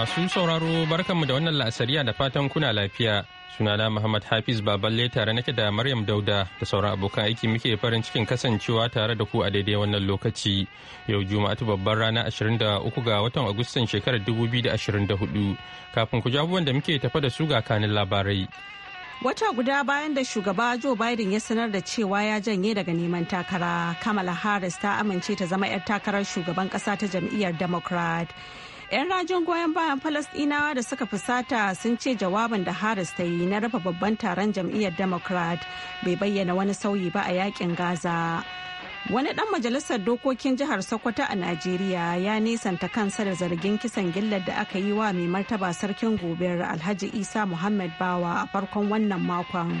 Masu sauraro barkanmu da wannan la'asariya da fatan kuna lafiya. Sunana Muhammad Hafiz Baballe tare nake da Maryam Dauda da sauran abokan aiki muke farin cikin kasancewa tare da ku a daidai wannan lokaci. Yau Juma'atu babbar rana 23 ga watan Agustan shekarar 2024. Kafin ku ji abubuwan da muke tafa da su ga kanin labarai. Wata guda bayan da shugaba Joe Biden ya sanar da cewa ya janye daga neman takara, Kamala Harris ta amince ta zama 'yar takarar shugaban ƙasa ta jam'iyyar Democrat. 'Yan rajin goyon bayan Falasɗinawa da suka fusata sun ce jawabin da Haris ta yi na rufe babban taron jam'iyyar Democrat bai bayyana wani sauyi ba a yakin Gaza. Wani ɗan majalisar dokokin jihar Sokoto a Najeriya ya nisanta kansa da zargin kisan gillar da aka yi wa mai martaba sarkin gobe Alhaji Isa Muhammad Bawa a farkon wannan makon.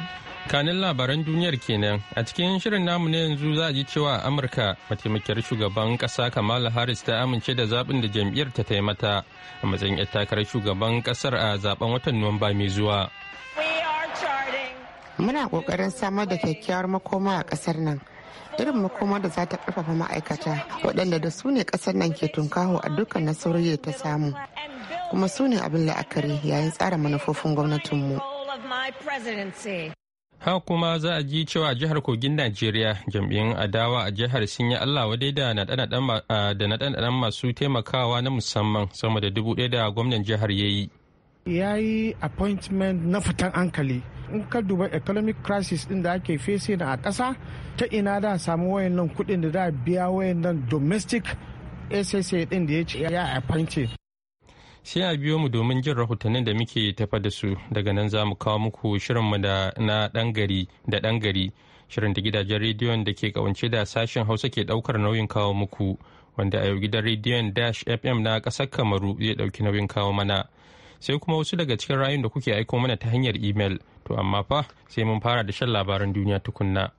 kanin labaran duniyar kenan a cikin shirin namu na yanzu za a ji cewa amurka mataimakiyar shugaban kasa kamala harris ta amince da zaɓin da jam'iyyar ta taimata a matsayin 'yar takarar shugaban kasar a zaben watan nuwamba mai zuwa muna kokarin samar da kyakkyawar makoma a ƙasar nan irin makoma da za ta karfafa ma'aikata waɗanda da su ne ƙasar nan ke tunkaho a dukkan nasarori ta samu kuma su ne abin la'akari yayin tsara manufofin gwamnatinmu. Haka kuma za a ji cewa a jihar kogin Najeriya jam'iyyun adawa a jihar sun yi Allah wadai da naɗe-naɗen masu taimakawa na musamman sama da dubu ɗaya da gwamnan jihar ya yi. Ya yi appointment na fitan hankali. in ka duba economic crisis din da ake fese na a ƙasa ta ina da samu wayannan kudin da da biya wayannan domestic ssa din da ya ce ya appointed sai a biyo mu domin jin rahotannin da muke tafa da su daga nan za mu kawo muku shirinmu da na ɗan gari da ɗan gari shirin da gidajen rediyon da ke kawance da sashen hausa ke ɗaukar nauyin kawo muku wanda a yau gidan rediyon dash fm na ƙasar kamaru zai ɗauki nauyin kawo mana sai kuma wasu daga cikin rayun da kuke aiko mana ta hanyar imel To amma fa sai mun fara da shan labaran duniya tukunna.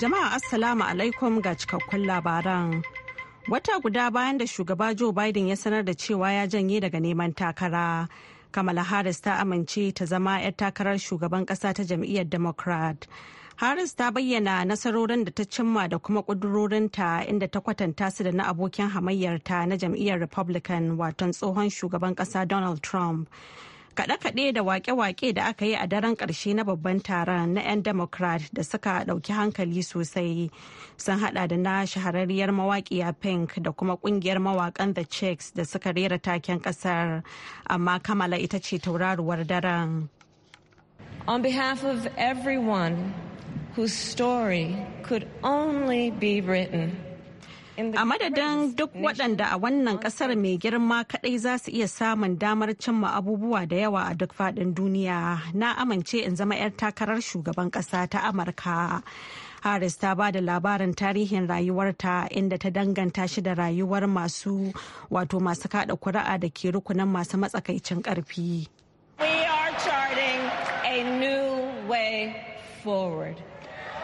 Jama'a Assalamu alaikum ga cikakkun labaran. Wata guda bayan da shugaba Joe Biden ya sanar da cewa ya janye daga neman takara. Kamala Harris ta amince ta zama 'yar takarar shugaban ƙasa ta jam'iyyar Democrat. Harris ta bayyana nasarorin da ta cimma da kuma ƙudurorinta inda ta kwatanta su da na abokin hamayyarta na jam'iyyar Republican waton tsohon shugaban ƙasa Donald Trump. Kaɗe-kaɗe da waƙe-waƙe da aka yi a daren ƙarshe na babban taron na 'yan Democrat da suka ɗauki hankali sosai sun haɗa da na shahararriyar mawaƙiya Pink da kuma ƙungiyar mawaƙan The Chicks da suka rera taken ƙasar, amma Kamala ita ce tauraruwar daren. On behalf of everyone whose story could only be written A madadin duk waɗanda a wannan ƙasar mai girma kaɗai za su iya samun damar cimma abubuwa da yawa a duk faɗin duniya na amince in zama 'yar takarar shugaban ƙasa ta Amurka. Harris ta ba da labarin tarihin rayuwarta inda ta danganta shi da rayuwar masu wato masu kaɗa kuri'a da ke rukunan masu matsakaicin ƙarfi. We are charting a new way forward.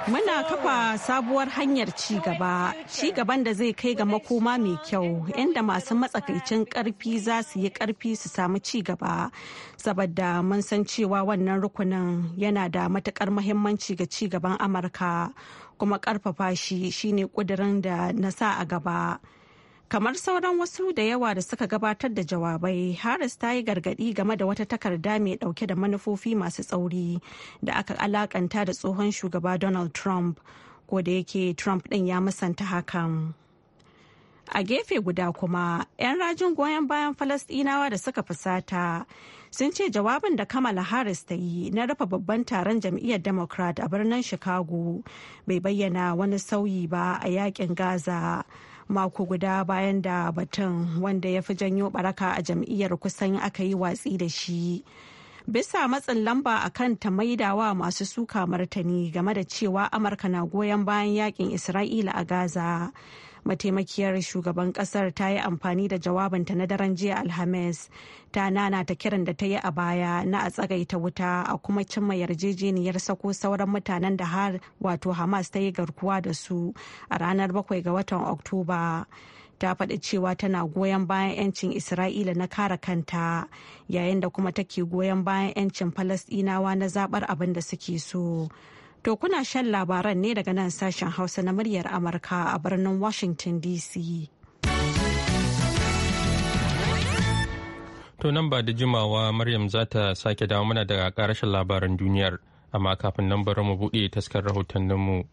Muna kafa sabuwar hanyar ci gaba, ci gaban da zai kai ga makoma mai kyau inda masu matsakaicin karfi za su yi karfi su samu ci gaba, saboda mun san cewa wannan rukunin yana da matukar muhimmanci ga ci gaban Amurka kuma karfafa shi shine kudirin da na sa a gaba. kamar sauran wasu da yawa da suka gabatar da jawabai harris ta yi gargadi game da wata takarda mai dauke da manufofi masu tsauri da aka alakanta da tsohon shugaba donald trump ko da yake trump din ya musanta hakan a gefe guda kuma 'yan rajin goyon bayan falasdinawa da suka fusata sun ce jawabin da kamala harris ta yi na rufe babban taron jam'iyyar democrat a birnin chicago bai bayyana wani sauyi ba a yakin gaza mako guda bayan da batun wanda ya fi janyo baraka a jam'iyyar kusan aka yi watsi da shi bisa matsin lamba a kan ta maidawa masu suka martani game da cewa amurka na goyon bayan yakin isra'ila a gaza mataimakiyar shugaban kasar ta yi amfani da jawabinta na daren jiya alhamis ta nana ta kiran da ta yi a baya na a tsagaita wuta a kuma cimma yarjejeniyar sako sauran mutanen da har wato hamas ta yi garkuwa da su a ranar bakwai ga watan oktoba ta faɗi cewa tana goyon bayan 'yancin isra'ila na kare kanta yayin da kuma take goyon bayan 'yancin falasɗinawa na zaɓar abin da suke so To kuna shan labaran ne daga nan sashen Hausa na muryar Amurka a birnin Washington DC. To nan ba da jimawa Maryam za ta sake dawo mana daga karashin labaran duniyar, amma kafin nan bari mu buɗe taskar rahotanninmu.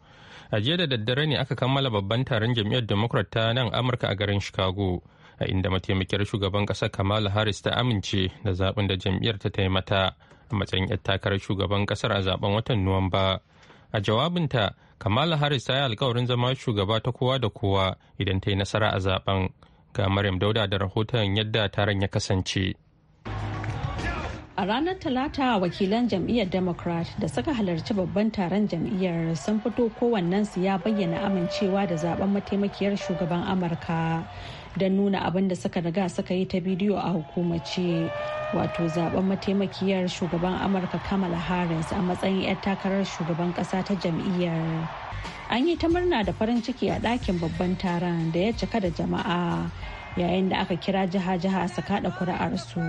A jiya da daddare ne aka kammala babban taron jam'iyyar Democrat ta nan Amurka a garin Chicago. a inda mataimakiyar shugaban ƙasar kamala harris ta amince da zaben da jam'iyyar ta taimata a matsayin 'yar takarar shugaban ƙasar a zaben watan nuwamba A jawabinta, Kamala Harris ta yi alkawarin zama shugaba ta kowa da kowa idan ta yi nasara a zaben. Ga Maryam Dauda da rahoton yadda taron ya kasance. A ranar Talata wakilan jam'iyyar Democrat da suka halarci babban taron jam'iyyar sun fito kowannensu ya bayyana amincewa da zaben mataimakiyar shugaban Amurka don nuna abin da suka riga suka yi ta bidiyo a hukumace wato zaben mataimakiyar shugaban amurka kamala harris a matsayin 'yar takarar shugaban kasa ta jam'iyyar an yi ta murna da farin ciki a ɗakin babban taron da ya cika da jama'a yayin da aka kira jiha-jiha su kada su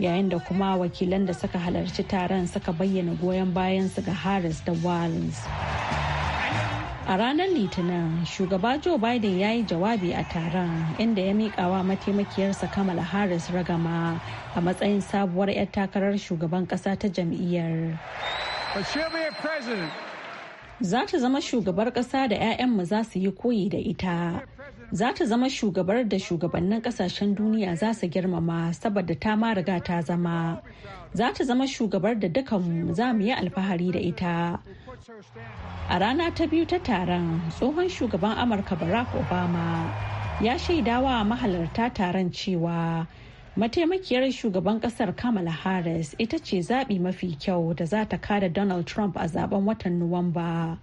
yayin da kuma wakilan da suka halarci taron suka bayyana goyon bayan su ga harris da walz. A ranar Litinin, shugaba Joe Biden ya yi jawabi a taron inda ya miƙawa mataimakiyarsa Kamala Harris ragama a matsayin sabuwar 'yar takarar shugaban ƙasa ta jam'iyyar. Za ta zama shugabar ƙasa da 'ya'yanmu za su yi koyi da ita. Za ta zama shugabar da shugabannin ƙasashen duniya za su girmama saboda ta ma riga ta zama. Za ta zama shugabar da dukanmu za mu yi alfahari da ita. A rana ta biyu ta taron tsohon shugaban Amurka Barack Obama ya shaidawa mahalarta taron cewa mataimakiyar shugaban kasar Kamala Harris ita ce zaɓi mafi kyau da za ta kada Donald Trump a zaben watan Nuwamba.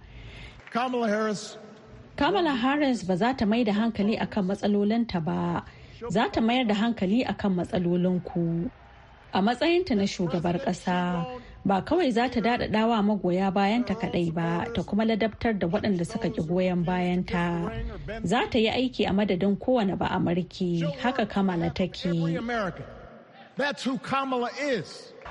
Kamala Harris ba za ta mai da hankali akan matsalolin ta ba, za ta mayar da hankali akan matsalolin ku A matsayinta na shugabar ƙasa, ba kawai za ta daɗaɗa wa magoya bayanta kaɗai ba ta kuma ladabtar da waɗanda suka ƙi goyon bayanta za ta yi aiki a madadin kowane ba amurki haka kamala take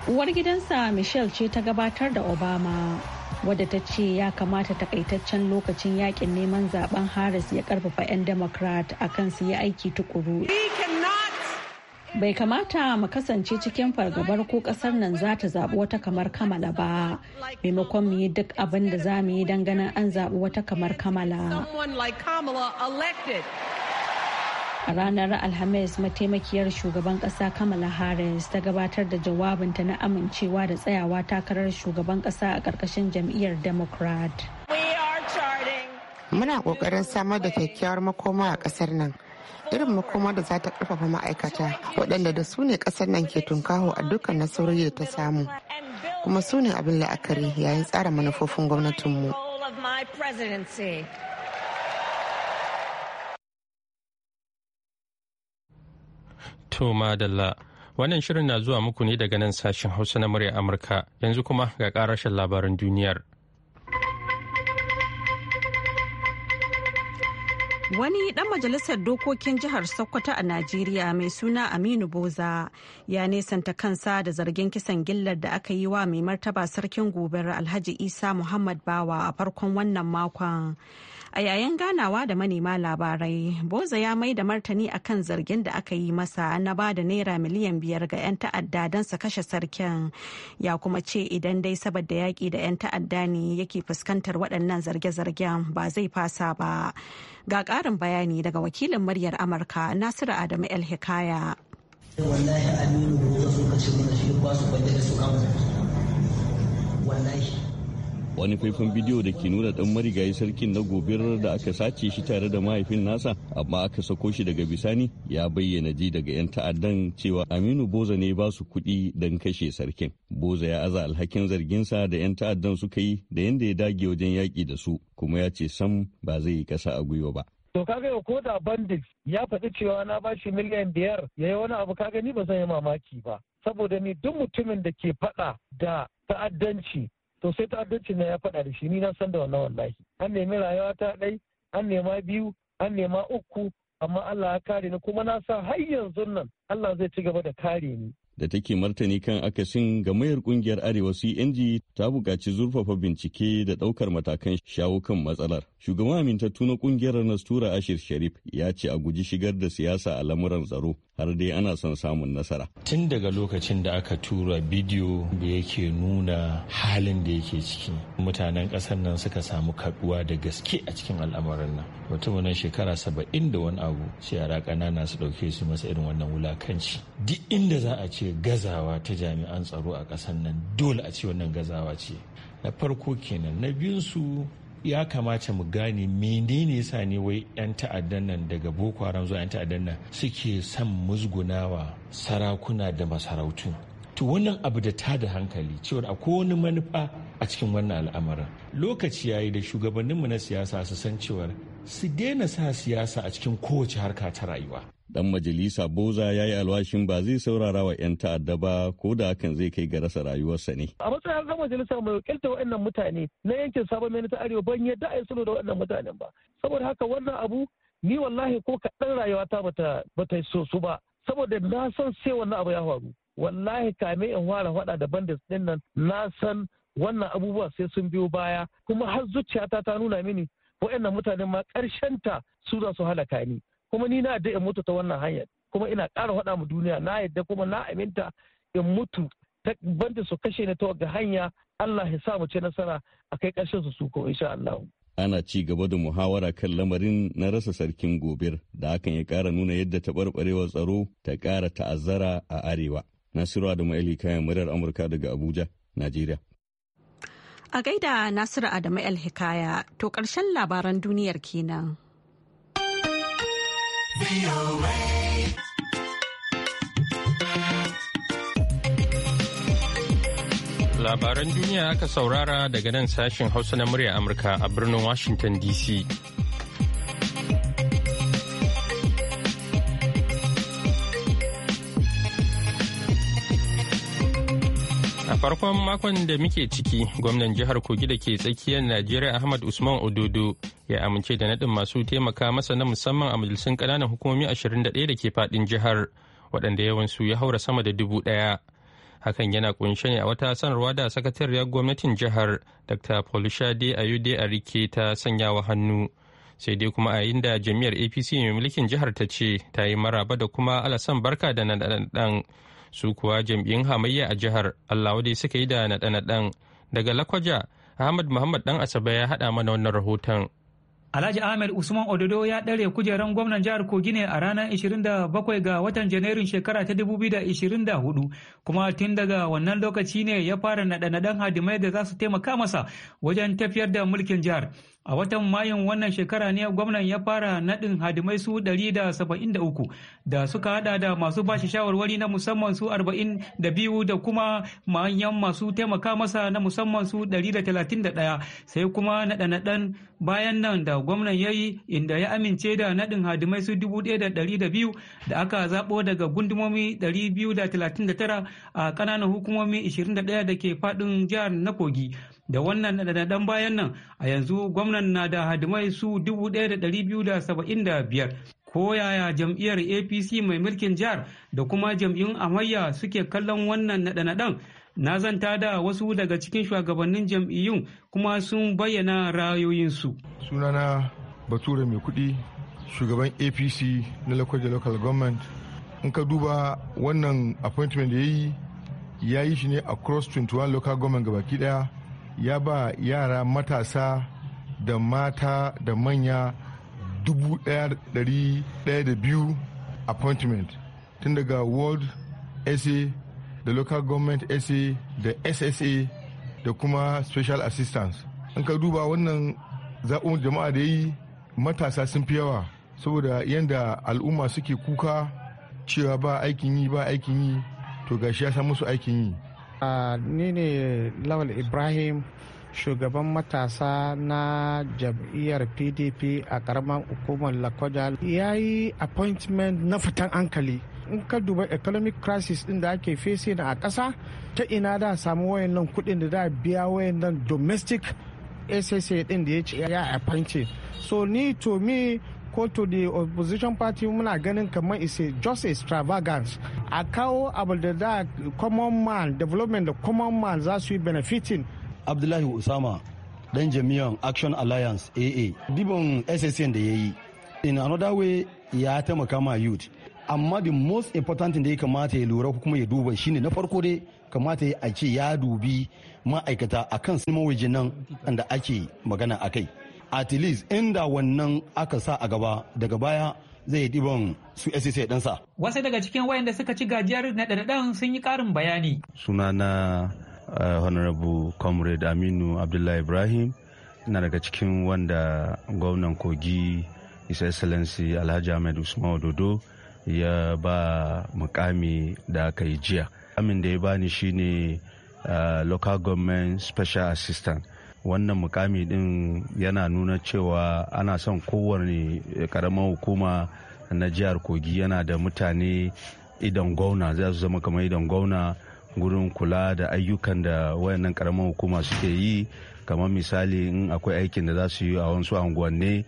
uwar gidansa michelle ce ta gabatar da obama wadda ta ce ya kamata takaitaccen lokacin yakin neman zaben harris ya karfafa 'yan democrat akan su yi aiki tukuru. bai kamata mu kasance cikin fargabar ko kasar nan za ta zaɓi wata kamar kamala ba maimakon mu yi duk abin da za mu yi don ganin an zaɓi wata kamar kamala a ranar alhamis mataimakiyar shugaban kasa kamala harris ta gabatar da jawabinta na amincewa da tsayawa takarar shugaban kasa a ƙarƙashin jam'iyyar democrat muna ƙoƙarin samar da kyakkyawar makoma a ƙasar nan irin makoma da za ta karfafa ma'aikata waɗanda da su ne ƙasar nan ke tunkaho a dukkan nasarori da ta samu kuma su ne abin la'akari yayin tsara manufofin gwamnatinmu. To madalla wannan shirin na zuwa muku ne daga nan sashen hausa na murya amurka yanzu kuma ga karashin labaran duniyar. Wani ɗan majalisar dokokin jihar Sokoto a Najeriya mai suna Aminu Boza ya nesanta kansa da zargin kisan gillar da aka yi wa mai martaba sarkin gobe Alhaji Isa Muhammad Bawa a farkon wannan makon. a yayin ganawa da manema labarai boza ya mai da martani akan zargin da aka yi masa na ba da naira miliyan biyar ga 'yan ta'adda don sa kashe sarkin ya kuma ce idan dai saboda yaƙi da 'yan ta'adda ne yake fuskantar waɗannan zarge-zargen ba zai fasa ba ga ƙarin bayani daga wakilin muryar amurka nasiru adamu el hikaya wallahi aminu boza sun kashe mana shi ba su bayyana su kama wallahi wani faifan bidiyo da ke nuna dan marigayi sarkin na gobirar da aka sace shi tare da mahaifin nasa amma aka sako shi daga bisani ya bayyana ji daga 'yan ta'addan cewa aminu boza ne ba su kuɗi don kashe sarkin boza ya aza alhakin zarginsa da 'yan ta'addan suka yi da yanda ya dage wajen yaki da su kuma ya ce sam ba zai yi kasa a gwiwa ba to kaga ya ko da bandit ya faɗi cewa na ba shi miliyan biyar ya yi wani abu kaga ni ba zan yi mamaki ba saboda ni duk mutumin da ke faɗa da ta'addanci to sai abincin na ya faɗa da shi ni na san da wannan wallahi an nemi rayuwa ta ɗai an nema biyu an nema uku amma Allah ya kare ni kuma na sa har yanzu nan Allah zai ci gaba da kare ni da take martani kan akasin ga mayar kungiyar arewa cng ta buƙaci zurfafa bincike da ɗaukar matakan shawo kan matsalar shugaban amintattu na kungiyar nastura ashir sharif ya ce a guji shigar da siyasa a lamuran tsaro har dai ana son samun nasara tun daga lokacin da aka tura bidiyo da yake nuna halin da yake ciki mutanen ƙasar nan suka samu kaduwa da gaske a cikin al'amarin nan mutumin nan shekara saba'in da wani abu shi yara ƙanana su ɗauke su masa irin wannan wulakanci duk inda za a ce ce gazawa ta jami'an tsaro a ƙasar nan dole a ce wannan gazawa ce na farko kenan na su ya kamata mu gane menene sa ne wai 'yan ta'addan nan daga boko haram zuwa 'yan ta'addan nan suke son musgunawa sarakuna da masarautu to wannan abu da ta da hankali cewar akwai wani manufa a cikin wannan al'amarin lokaci yayi da shugabanninmu na siyasa su san cewar su daina sa siyasa a cikin kowace harka ta rayuwa. Dan majalisa Boza ya yi alwashin ba zai saurara wa 'yan ta'adda ba ko da hakan zai kai ga rasa rayuwarsa ne. A matsayin zan majalisa mai wakilta waɗannan mutane na yankin sabon mai ta arewa ban yadda a yi sulhu da waɗannan mutanen ba. Saboda haka wannan abu ni wallahi ko kaɗan rayuwata bata bata yi su ba. Saboda na san sai wannan abu ya faru. Wallahi kame in fara faɗa da bandits ɗin nan na san wannan abubuwa sai sun biyo baya kuma har zuciyata ta nuna mini waɗannan mutanen ma ta su za su halaka ni kuma ni na yadda in mutu ta wannan hanyar kuma ina kara faɗa mu duniya na yadda kuma na aminta in mutu ta banda su kashe ni ta ga hanya Allah ya sa mu ce nasara a kai karshen su su ko insha Allah ana ci gaba da muhawara kan lamarin na rasa sarkin gobir da hakan ya kara nuna yadda taɓarɓarewar tsaro ta kara ta'azzara a arewa nasiru da ma'ili kayan muryar amurka daga abuja najeriya A gaida Nasiru Adamu El Hikaya to ƙarshen labaran duniyar kenan. Labaran duniya aka saurara daga nan sashen Hausa na murya Amurka a birnin Washington DC. farkon makon da muke ciki gwamnan jihar kogi da ke tsakiyar najeriya ahmad usman ododo ya amince da naɗin masu taimaka masa na musamman a majalisun ƙananan hukumomi 21 da ke faɗin jihar waɗanda yawansu ya haura sama da dubu ɗaya hakan yana kunshe ne a wata sanarwa da sakatariyar gwamnatin jihar dr polishade ayude arike ta sanyawa hannu sai dai kuma a yayin da jami'ar apc mai mulkin jihar ta ce ta yi maraba da kuma alasan barka da naɗaɗɗan su kuwa jam'iyyun hamayya a jihar allah wadai suka yi da naɗa naɗen daga lakwaja ahmad muhammad dan asabe ya haɗa mana wannan rahoton Alhaji Ahmed Usman Ododo ya ɗare kujeran gwamnan jihar Kogi ne a ranar 27 ga watan Janairun shekara ta 2024 kuma tun daga wannan lokaci ne ya fara naɗa-naɗan hadimai da za su taimaka masa wajen tafiyar da mulkin jihar. A watan Mayun wannan shekara ne gwamnan ya fara naɗin hadimai su 173 da suka hada da masu bashi shawarwari na musamman su 42 da kuma manyan masu taimaka masa na musamman su 131 sai kuma naɗe-naɗen bayan nan da gwamnan ya yi inda ya amince da naɗin hadimai su 1,200 da aka zaɓo daga gundumomi 239 a ƙananan hukumomi 21 da ke faɗin jihar na kogi. da wannan dan bayan nan a yanzu gwamnan na da hadimai su 1,275 ko yaya jam'iyyar apc mai mulkin jihar da kuma jam'iyyun amayya suke kallon wannan naɗe-naɗen na zanta da wasu daga cikin shugabannin jam'iyyun kuma sun bayyana rayoyinsu sunana bature mai kuɗi shugaban apc na lokacin local government in ka duba wannan appointment da ya yi ya yi shi ne a cross 21 local government gabaki daya ya ba yara matasa da mata da manya da biyu appointment tun daga world sa da local government sa da ssa da kuma special assistance an ka duba wannan zaɓin jama'a da yi matasa sun fi yawa saboda yadda al'umma suke kuka cewa ba aikin yi ba aikin yi to gashi ya samu su aikin yi ni ne lawal ibrahim shugaban matasa na jam'iyyar pdp a karamar hukumar lakoja ya yi appointment na fitan hankali in ka duba economic crisis din da ake fesi na a ƙasa ta ina da samu wayannan kuɗi da da biya wayannan domestic ssa din da ya ce ya appointed so ni to me kotu to the opposition party muna ganin kamar is a just extravagance a kawo abu da da common man development da common man za su yi benefiting abdullahi usama dan jami'an action alliance aa dibon ssn da ya yi in another way ya taimaka ma youth amma the most important da ya kamata ya lura kuma ya duba shine na farko dai kamata ya ce ya dubi ma'aikata akan sinima wajen nan da ake magana akai at least inda wannan aka sa a gaba daga baya zai yi ɗiban su SEC ɗansa. Wasu daga cikin wayanda suka ci gajiyar naɗe ɗanɗan sun yi ƙarin bayani. Sunana uh, Honorable Comrade Aminu Abdullahi Ibrahim na daga cikin wanda gwamnan kogi His Excellency Alhaji Ahmed Usman Ododo ya ba mukami da aka yi jiya. Amin da ya bani shine uh, Local Government Special Assistant wannan mukami din yana nuna cewa ana son kowane karamar hukuma na jihar kogi yana da mutane idan gwauna za su zama kamar idan gwauna gurin kula da ayyukan da wayannan karamar hukuma suke yi kamar misali in akwai aikin da za su yi a wasu anguwanni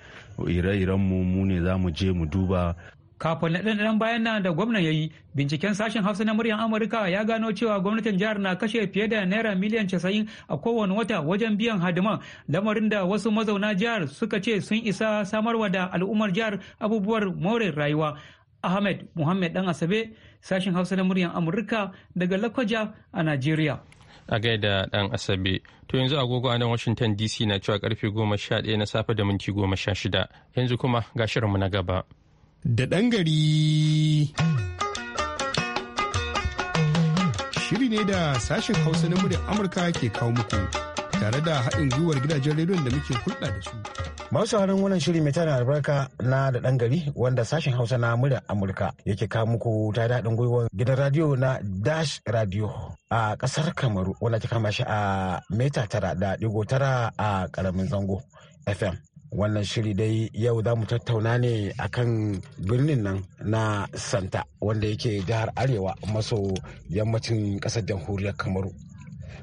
ire-iren mu ne za mu je mu duba kafin na ɗan bayan nan da gwamnan ya yi binciken sashen hausa na muryar amurka ya gano cewa gwamnatin jihar na kashe fiye da naira miliyan casa'in a kowane wata wajen biyan hadiman lamarin da wasu mazauna jihar suka ce sun isa samarwa da al'ummar jihar abubuwar more rayuwa ahmed muhammed dan asabe sashen hausa na muryar amurka daga lakwaja a nigeria. a gaida dan asabe to yanzu agogo a nan washington dc na cewa karfe goma sha ɗaya na safe da minti goma sha shida yanzu kuma ga shirinmu na gaba da ɗan gari. Shiri ne da sashen Hausa na muryar Amurka ke kawo muku tare da haɗin gwiwar gidajen rediyon da muke hulɗa da su. Masu harin wannan shiri mai tana albarka na da ɗan gari wanda sashen Hausa na muryar Amurka yake kawo muku ta haɗin gwiwar gidan radiyo na Dash Radio a ƙasar Kamaru wanda ta kama shi a meta tara da ɗigo tara a ƙaramin zango FM. wannan shiri dai yau za mu tattauna ne akan birnin nan na santa wanda yake jihar arewa maso yammacin ƙasar jamhuriyar kamaru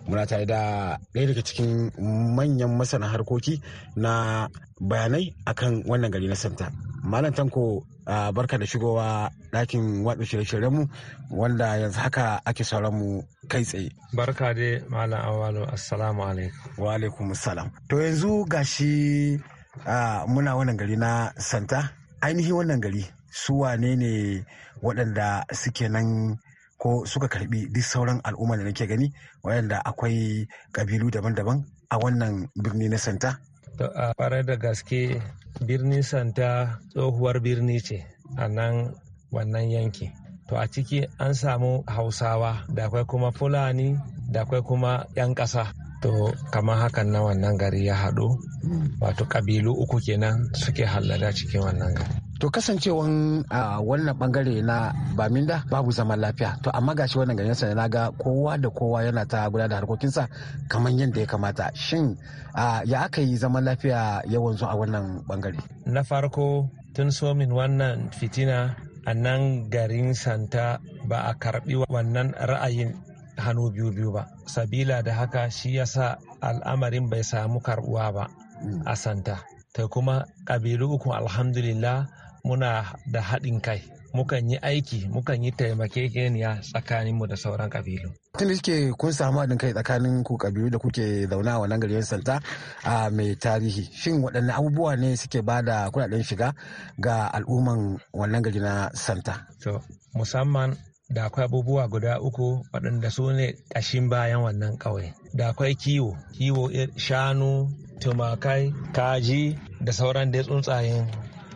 muna tare da ɗaya daga cikin manyan masana harkoki na bayanai akan wannan gari na santa malam tanko barka da shigowa dakin watsa shirye mu wanda yanzu haka ake sauran mu kai tsaye barka dai malam awalo assalamu alaikum wa alaikum salam to yanzu gashi Ah, muna wannan gari na santa ainihin wannan gari su wane ne waɗanda suke nan ko suka karbi duk sauran al'umma da nake gani waɗanda akwai ƙabilu daban-daban a wannan birni na santa a fara da gaske birnin santa tsohuwar birni ce a nan wannan yanki to a ciki an samu hausawa da akwai kuma fulani da akwai kuma 'yan ƙasa to kamar hakan na wannan gari ya haɗu mm. wato ƙabilu uku kenan suke hallada cikin wannan gari to kasancewan wannan bangare na baminda babu zaman lafiya to amma gashi wannan garin sa na ga kowa da kowa yana ta gudanar da harkokinsa kamar yadda ya kamata shin ya aka yi zaman lafiya yawan zuwa a wannan bangare na farko tun somin wannan fitina a nan garin santa ba a karbi wannan ra'ayin hannu biyu biyu ba sabila da haka shi yasa al'amarin bai samu karbuwa ba hmm. a santa ta kuma ƙabilu uku alhamdulillah muna da haɗin kai mukan yi aiki mukan yi taimakekeniya mu da sauran ƙabilu. tun da suke kun samu haɗin kai tsakanin ku kabilu da kuke zauna wannan garin santa a mai tarihi shin waɗanne abubuwa ne suke ba da kuɗaɗen shiga ga al'umman wannan gari na santa. musamman da akwai abubuwa guda uku waɗanda su ne ƙashin bayan wannan ƙauye da akwai kiwo kiwo shanu tumakai kaji da sauran da tsuntsayen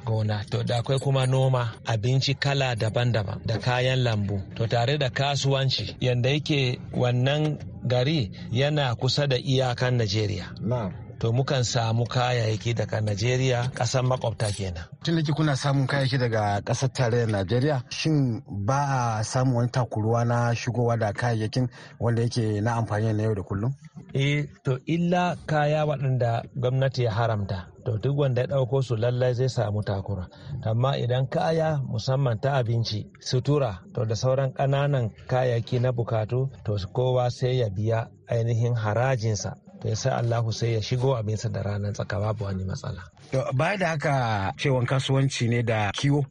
gona to da akwai kuma noma abinci kala daban-daban da kayan lambu to tare da kasuwanci yadda yake wannan gari yana kusa da iyakan najeriya to mukan samu kayayyaki daga Najeriya kasan makwabta kenan. Tun da kuna samun kayayyaki daga ƙasar tarayyar Najeriya shin ba a samun wani takuruwa na shigowa da kayayyakin wanda yake na amfani na yau da kullum? Eh to illa kaya waɗanda gwamnati ya haramta. to duk wanda ya ɗauko su lallai zai samu takura amma idan kaya musamman ta abinci sutura to da sauran ƙananan kayayyaki na bukatu to kowa sai ya biya ainihin harajinsa to sai Allahu sai ya shigo abinsa da ranar tsaka babu wani matsala. Baya da haka cewan kasuwanci ne da kiwo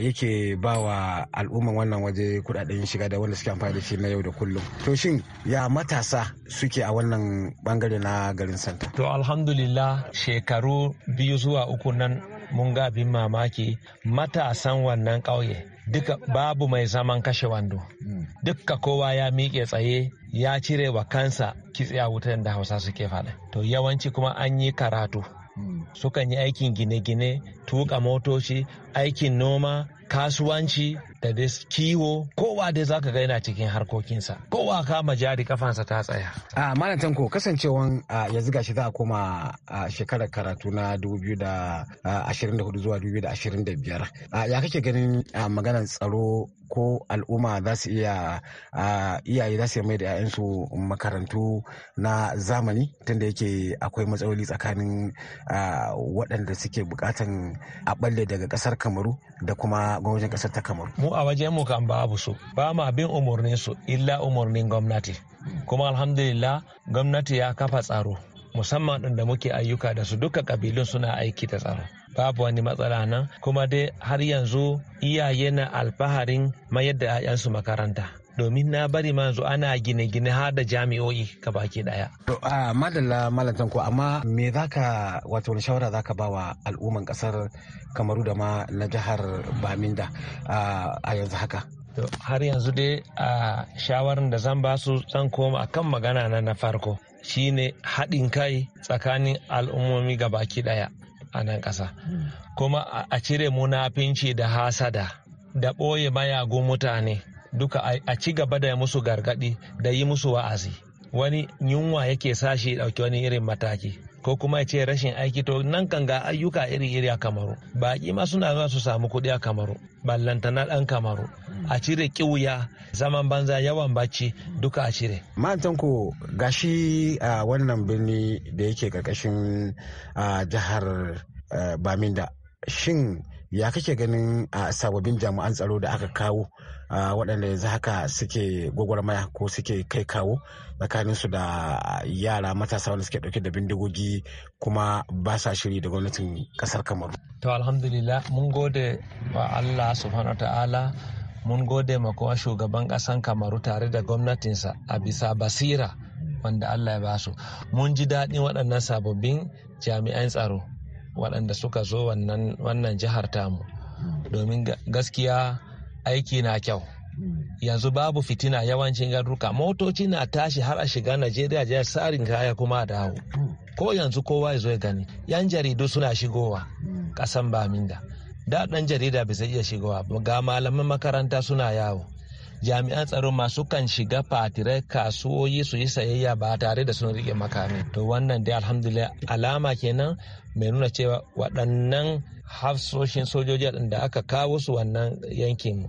yake ba wa al'umman wannan waje kudaden shiga da wanda suke amfani da shi na yau da kullum. To shin ya matasa suke a wannan bangare na garin Santa? To alhamdulillah shekaru biyu zuwa uku nan mun ga abin mamaki matasan wannan ƙauye duka babu mai zaman kashe wando hmm. dukka kowa ya miƙe tsaye ya cire wa kansa kitse a wutan da hausa suke faɗa to yawanci kuma an yi karatu hmm. sukan yi aikin gine-gine tuka motoci aikin noma kasuwanci da dai kiwo kowa dai zaka ga yana cikin harkokinsa kowa kama jari kafansa ta tsaya a manatan ko kasancewan yanzu gashi za a koma shekarar karatu na 2024 zuwa 2025 ya kake ganin maganar tsaro ko al'umma za su iya iyaye za su yi mai da 'ya'yansu makarantu na zamani tunda yake akwai matsaloli tsakanin waɗanda suke bukatan a ɓalle daga ƙasar kamaru da kuma a kasar ta kamaru mu a wajen mu kan babu su ba ma bin umarnin su illa umarnin gwamnati kuma alhamdulillah gwamnati ya kafa tsaro musamman ɗin da muke ayyuka da su duka ƙabilun suna aiki da tsaro babu wani matsala nan kuma dai har yanzu iyaye na alfaharin mayar da 'ya'yansu makaranta domin na bari ma ana gine-gine har da jami'o'i ka baki daya. To a madalla ko amma me zaka wato wani shawara zaka ba wa al'umman kasar Kamaru da ma na jihar Baminda a yanzu haka? har yanzu dai a shawarar da zan ba su zan koma kan magana na na farko shine haɗin kai tsakanin al'ummomi ga baki ɗaya a nan ƙasa kuma a cire munafinci da hasada da ɓoye mayagun mutane duka a ci gaba da musu gargadi da yi musu wa'azi wani yunwa yake sashi dauki wani irin mataki ko kuma ya ce rashin aiki to nan kan ga ayyuka iri-iri a kamaru baƙi ma suna zuwa su samu kuɗi a kamaru na ɗan kamaru a cire ƙiwuya zaman banza yawan bacci duka a cire. ma'antan ko gashi a wannan birni da yake ƙarƙashin jihar eh, baminda shin ya kake ganin a sababbin jami'an tsaro da aka kawo waɗanda yanzu haka suke gwagwarmaya ko suke kai kawo tsakanin su da yara matasa wanda suke ɗauke da bindigogi kuma ba sa shiri da gwamnatin ƙasar kamaru to alhamdulillah mun gode wa allah subhanahu ta'ala mun gode ma kuma shugaban ƙasan kamaru tare da gwamnatinsa a bisa basira wanda allah ya basu mun ji daɗin waɗannan sababbin jami'an tsaro waɗanda suka zo wannan jihar tamu domin gaskiya aiki na kyau yanzu babu fitina yawancin garuruka motoci na tashi har a shiga najeriya jihar tsarin kaya kuma a dawo ko yanzu kowa ya zo gani yan jaridu suna shigowa kasan baminda da ɗan jarida bai zai iya shigowa ga malaman makaranta suna yawo jami'an tsaro masu kan shiga fatirai kasuwoyi su yi sayayya ba tare da sun rike makami to wannan dai alhamdulillah alama kenan mai nuna cewa waɗannan hafsoshin sojoji da aka kawo su wannan yankin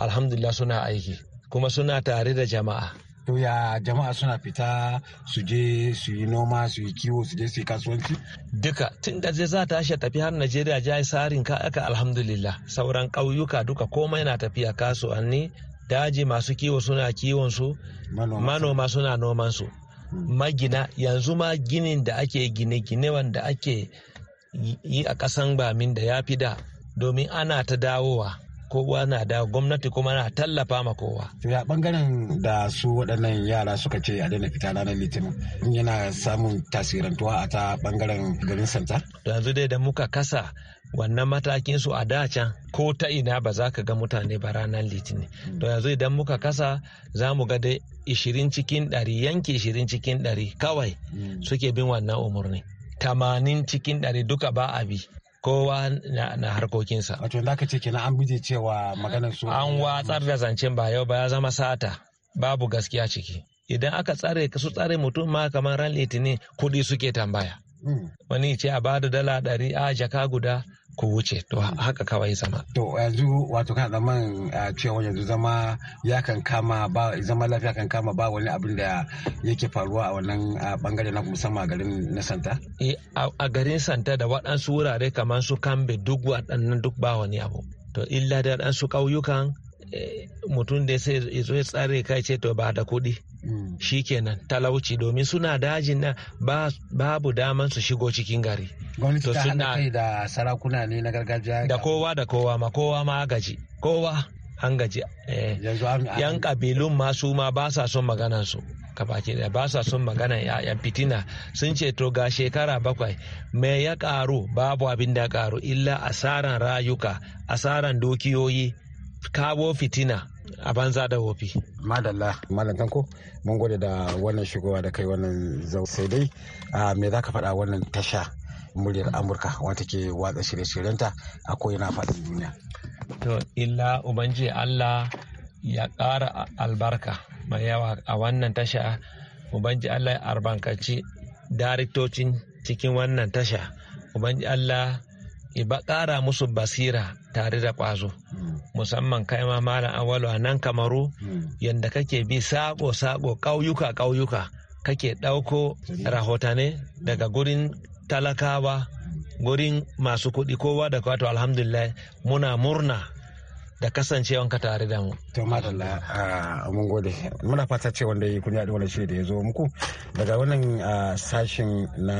alhamdulillah suna aiki kuma suna tare da jama'a to ya jama'a suna fita su je su yi noma su yi kiwo su je su yi kasuwanci duka tun da zai za ta tashi tafi har najeriya ja sarin ka aka alhamdulillah sauran ƙauyuka duka komai na tafiya kasuwanni daji masu kiwo suna kiwon su manoma suna noman su hmm. magina yanzu ma ginin da ake gine-gine wanda ake yi a ƙasan bamin da ya fi da domin ana ta dawowa kowa na da gwamnati kuma na tallafa ma kowa. To ya bangaren da su waɗannan yara suka ce a daina fita ranar litinin yana samun tasirantuwa a ta bangaren garin santa? yanzu dai da muka kasa wannan matakin su a dacan ko ta ina ba za ka ga mutane ba ranar litinin to yanzu idan muka kasa za mu ga dai ishirin cikin dari, yanki ishirin cikin dari kawai hmm. suke bin wannan umarni tamanin cikin dari duka ba a bi kowa na, harkokinsa. Wato da aka ce kenan an bije cewa maganar su. An watsar da zancen ba yau ba ya zama sata babu gaskiya ciki. Idan aka tsare su tsare mutum ma kamar ran litinin kuɗi suke tambaya. Hmm. Wani ce a bada dala ɗari a jaka guda Ko wuce to haka kawai zama to yanzu wato kana zaman ah, cewa yanzu zama ya kan kama ba zama lafiya kan kama ba wani abin da yake faruwa a wannan ah, bangare na musamman a garin na santa eh, a garin santa da waɗansu wurare kamar su kambe duk waɗannan duk ba wani abu to illa da waɗansu ƙauyukan eh, mutum da sai ya tsare kai ce to ba da kuɗi Mm. shikenan talauci domin suna dajin na babu daman su shigo cikin gari gwamnati ta hana kai da sarakuna ne na gargajiya da kowa da kowa ma kowa ma gaji kowa an gaji eh. yan kabilun masu ma ba sa son maganan su kabaki da ba sa son maganan yayan fitina sun ce to ga shekara bakwai me ya karu babu abin da karu illa asaran rayuka asaran dukiyoyi kawo fitina a banza da wofi. Madalla Malam Tanko mun gode da wannan shigowa da kai wannan zau sai dai me za ka faɗa wannan tasha muryar Amurka wata ke watsa shirye-shiryenta a yana faɗin duniya. To illa ubanji Allah ya ƙara albarka mai yawa a wannan tasha ubanji Allah ya arbankaci daraktocin cikin wannan tasha ubanji Allah ba ƙara musu basira tare da ƙwazo musamman kai ma malam awalu a nan kamaru yadda kake bi sako-sako ƙauyuka-ƙauyuka kake ɗauko rahotane daga gurin talakawa gurin masu kuɗi kowa da kwato alhamdulillah muna murna da kasancewan ka tare da mu. To madalla ah, mun gode. Muna fata ce wanda ya kunya da wannan shi da ya zo muku daga wannan ah, sashen na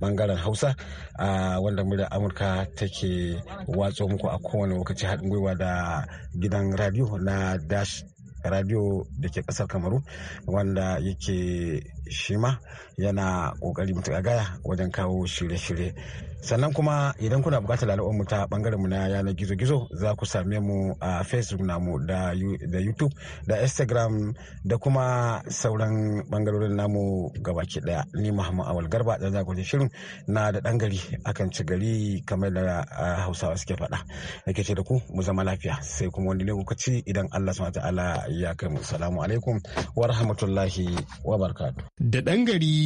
bangaren Hausa ah, wanda murya Amurka take watso muku a kowane lokaci haɗin gwiwa da gidan radio na Dash radio da ke kasar kamaru wanda yake shima yana kokari mutu gaya wajen kawo shirye-shirye sannan kuma idan kuna bukatar lalawar mu ta bangaren mu na yanar gizo gizo za ku same mu a facebook namu da youtube da instagram da kuma sauran bangarorin namu gabaki daya ni muhammad awal garba da zagwajin shirin na da dan gari akan ci gari kamar da hausawa suke faɗa nake ce da ku mu zama lafiya sai kuma wani lokaci idan allah subhanahu ta'ala ya kai mu salamu alaikum wa rahmatullahi wa barakatuh da dan gari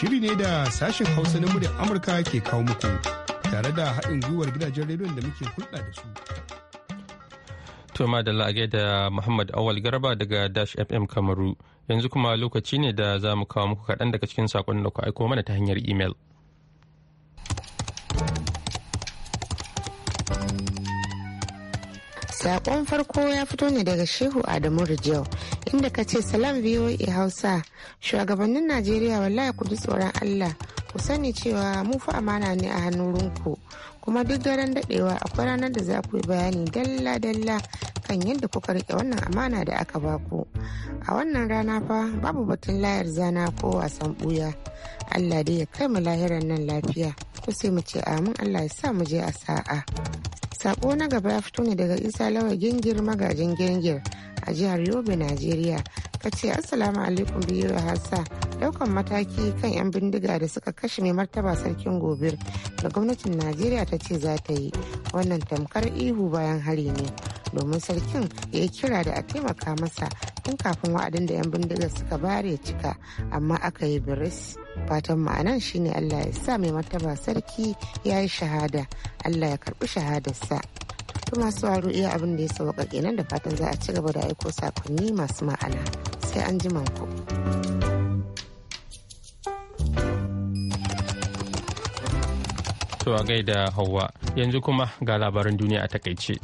Shiri ne da sashen Hausa na muryar Amurka ke kawo muku tare da haɗin gwiwar gidajen rediyon da muke hulɗa da su. Tuma da lage da Muhammad Awal Garba daga Dash FM Kamaru. Yanzu kuma lokaci ne da za mu kawo muku kaɗan daga cikin saƙon da ku aiko mana ta hanyar imel. Sakon farko ya fito ne daga Shehu Adamu Rijau inda ka ce salam VOA Hausa shugabannin Najeriya wallahi ku ji tsoron Allah ku sani cewa mu fa amana ne a hannun rinku kuma duk daren dadewa akwai ranar da za ku yi bayani dalla-dalla kan yadda kuka rike wannan amana da aka baku a wannan rana fa babu batun layar zana ko wasan buya allah dai ya kai mu lahiran nan lafiya ku sai mu ce amin allah ya sa mu je a sa'a sako na gaba ya fito ne daga isa lawa gingir magajin gingir a jihar yobe najeriya ka ce assalamu alaikum biyu hasa daukan mataki kan 'yan bindiga da suka kashe mai martaba sarkin gobe da gwamnatin najeriya ta ce za ta yi wannan tamkar ihu bayan hari ne domin sarkin ya yi kira da a taimaka masa tun kafin wa'adin da 'yan bindiga suka bare cika amma aka yi biris fatan ma'anan shine allah ya sa mai martaba sarki ya yi shahada allah ya karbi shahadarsa to masu waro iya abin da ya sauka kenan da fatan za a ci gaba da aiko sakonni masu ma'ana sai an ji ku. To gai da Hauwa, yanzu kuma ga labarin duniya a takaice.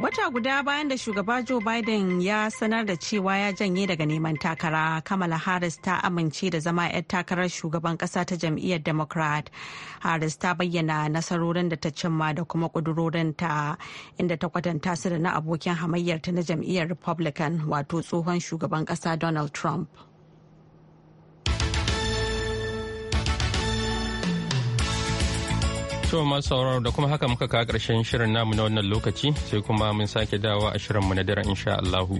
Wata guda bayan da shugaba Joe Biden ya sanar da cewa ya janye daga neman takara, Kamala Harris ta amince da zama 'yar takarar shugaban kasa ta jam'iyyar Democrat. Harris ta bayyana nasarorin da ta cimma da kuma ta inda ta kwatanta su da na abokin hamayyarta na jam'iyyar Republican wato tsohon shugaban kasa Donald Trump. To masu sauraro da kuma haka muka kawo ƙarshen shirin namu na wannan lokaci sai kuma mun sake dawa a shirinmu na daren insha Allahu.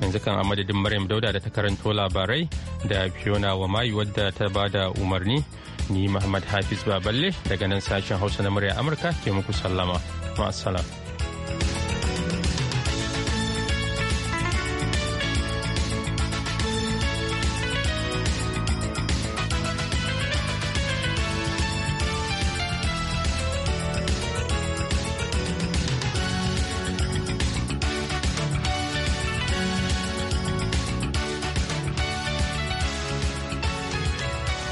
Yanzu kan a madadin Maryam Dauda da ta karanto labarai da Fiona wa mayu wadda ta ba da umarni ni Muhammad Hafiz Baballe daga nan sashen Hausa na murya Amurka ke muku sallama. Ma'assalam.